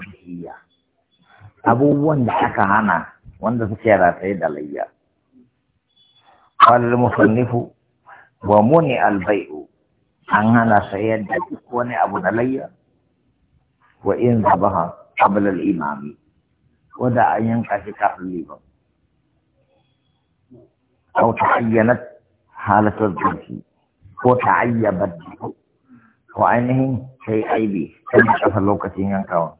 uhiyya abubuwan da aka hana wanda suke rataye da layya qala musannifu wa muni albai'u an hana sayar da duk wani abu da layya wa in zabaha qabla al-imami da an yanka shi kafin Ko ta تعينت حالة الذنب ko ta ayyabar ko ainihin sai aibi sai da lokacin yankawa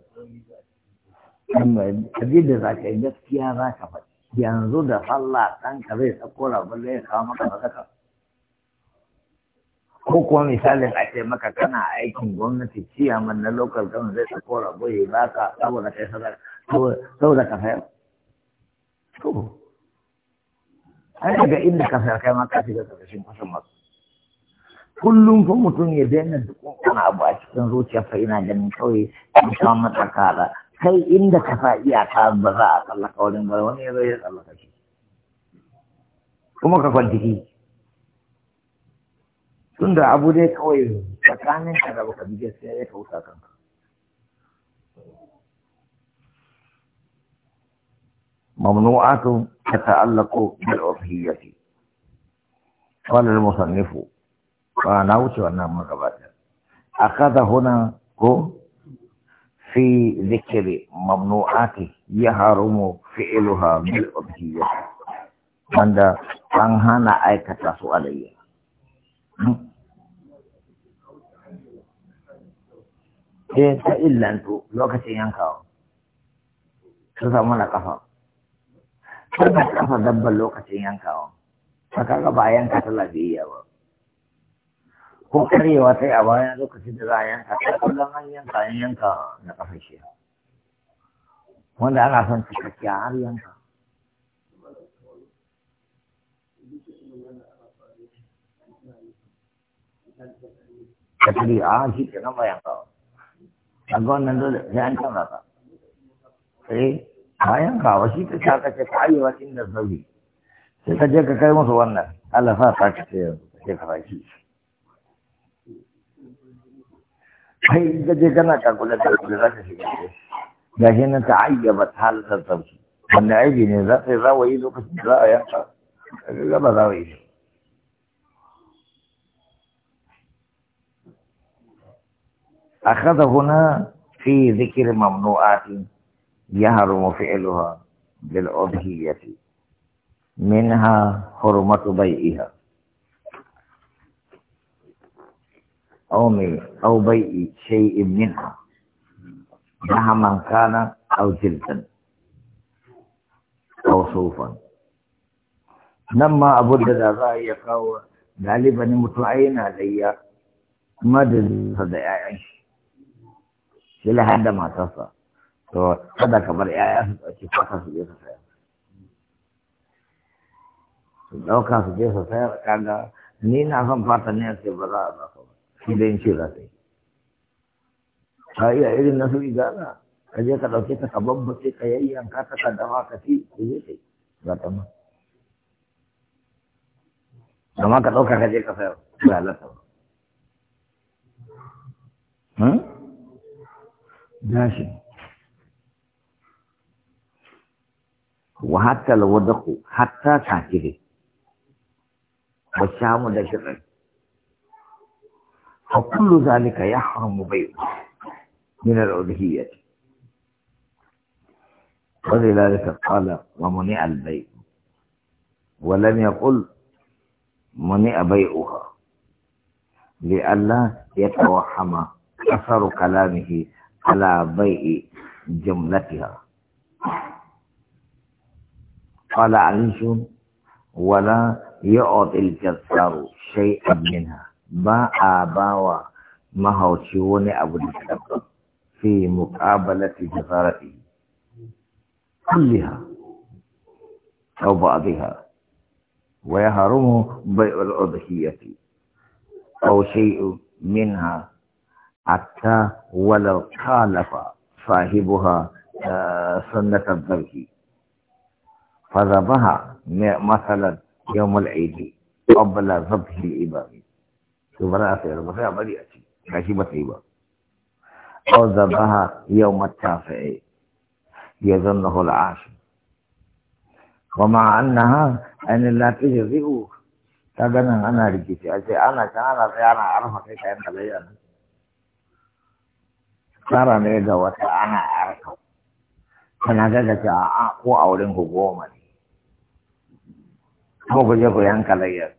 abin da za ka yi gaskiya za ka faɗi yanzu da sallah ɗanka zai sako rabin da ya kawo maka sadaka ko kuma misalin a ce maka kana aikin gwamnati man na local government zai sako rabo ya ba ka saboda kai sau saboda ka sayar to an daga inda ka sayar kai ma ka shiga ƙarƙashin kusan masu kullum fa mutum ya daina duk wani abu a cikin zuciyarsa ina ganin kawai in kawo mata kara kai inda ka sa iyaka ba za a tsallaka wurin ba wani ya zo ya tsallaka shi kuma ka kwantiki tun da abu dai kawai tsakanin ka da baka bi gaskiya ya kauta kanka ممنوعات تتعلق بالأضحية قال المصنف وأنا أوتي وأنا مقبات أخذ هنا كو في ذكر ممنوعات يحرم فعلها بالأبدية عند أنهانا أيكة سؤالية sai ta illantu lokacin yankawa su samu na kafa har da dabban lokacin yankawa ta kaga ba yanka ta lafiya ba ko karyewa ta yi a bayan lokacin da za a yanka ta kullum an yanka an yanka na shi. wanda ana son cikakkiya har yanka Katiri a ah, shi ke nan bayan kawo. A ga wannan dole sai an canza ka. Sai bayan kawo shi ta sha ce ka arewa inda sauri Sai ka je ka kai musu wannan. Allah sa ta ce ka ce ka fashi. هيدا تعجبت حالة الطبس من عجني ذا في ذا أخذ هنا في ذكر ممنوعات يهرم فعلها للأضحية منها حرمة بيئها أومي أو بيء شيء منها مهما كان أو جلدا أو صوفا لما أبدا رأي قوة غالبا متعين علي ما دلت إلى حد ما تصى تو هذا كبر يا أخي فقط في جيسا سير لو كان في جيسا سير كان نين أخم فاتنين في بلاد أخم shi da yin za ta yi ka iya irin na su igana ka je ka ɗauke ta ka babbace ka yayyanka ta ka dama ka ci ka je ta yi za ta ma amma ka ɗauka ka je ka sayar ba halatta ba hmm? wa hatta lawadaku hatta takire wa shamu da shirin فكل ذلك يحرم بيعه من الألوهية ولذلك قال ومنع البيع ولم يقل منع بيعها لئلا يتوهم أثر كلامه على بيع جملتها قال علي ولا يعطي الجزار شيئا منها ba a ba wa mahauci wani abu da ta ɗaɓa fi muƙabalati da zarafi kulliha أو بعضها ويحرمه بيع الأضحية أو شيء منها حتى ولو خالف صاحبها سنة الذبح فذبها مثلا يوم العيد قبل ذبح الإمام to ba za a sayar ba sai a bari a ci kashi ba sai ba aw zabaha Ya at-tafi'i yazannahu al-ash wa ma annaha an la tajzi'u ta ganin ana rikici a ce ana can ana sai ana arfa kai kayan talayya ne tsara ne ga wata ana arfa tana gaga ce a ko a wurin ku ne ko ku je ku yanka layyar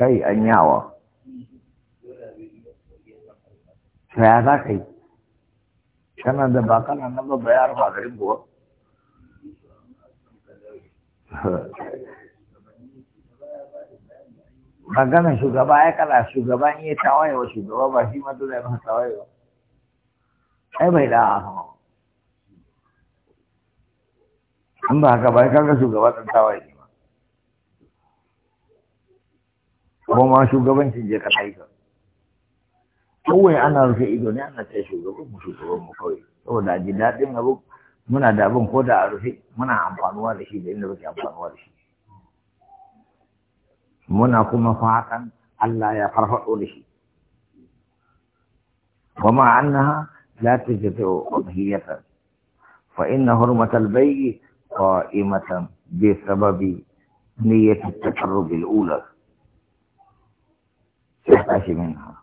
kai an yawa ya za ka yi kana da ba kana nan ba bayar ba garin kuwa magana shugaba ya kala shugaba in ya tawaye wa shugaba ba shi ma dole ya masa tawaye ba ai bai da a in ba haka ba ya kaga shugaba ɗan tawaye ko ma shugabancin je ka taika kawai ana rufe ido ne ana ta shugaban mu shugaban mu kawai saboda ji daɗin abu muna da abin ko da a rufe muna amfanuwa da shi da inda muke amfanuwa da shi muna kuma fatan Allah ya farfaɗo da shi kuma annaha la وما أنها لا تجزئ أضحية فإن حرمة البيع قائمة بسبب نية التقرب الأولى 就是白起兵马。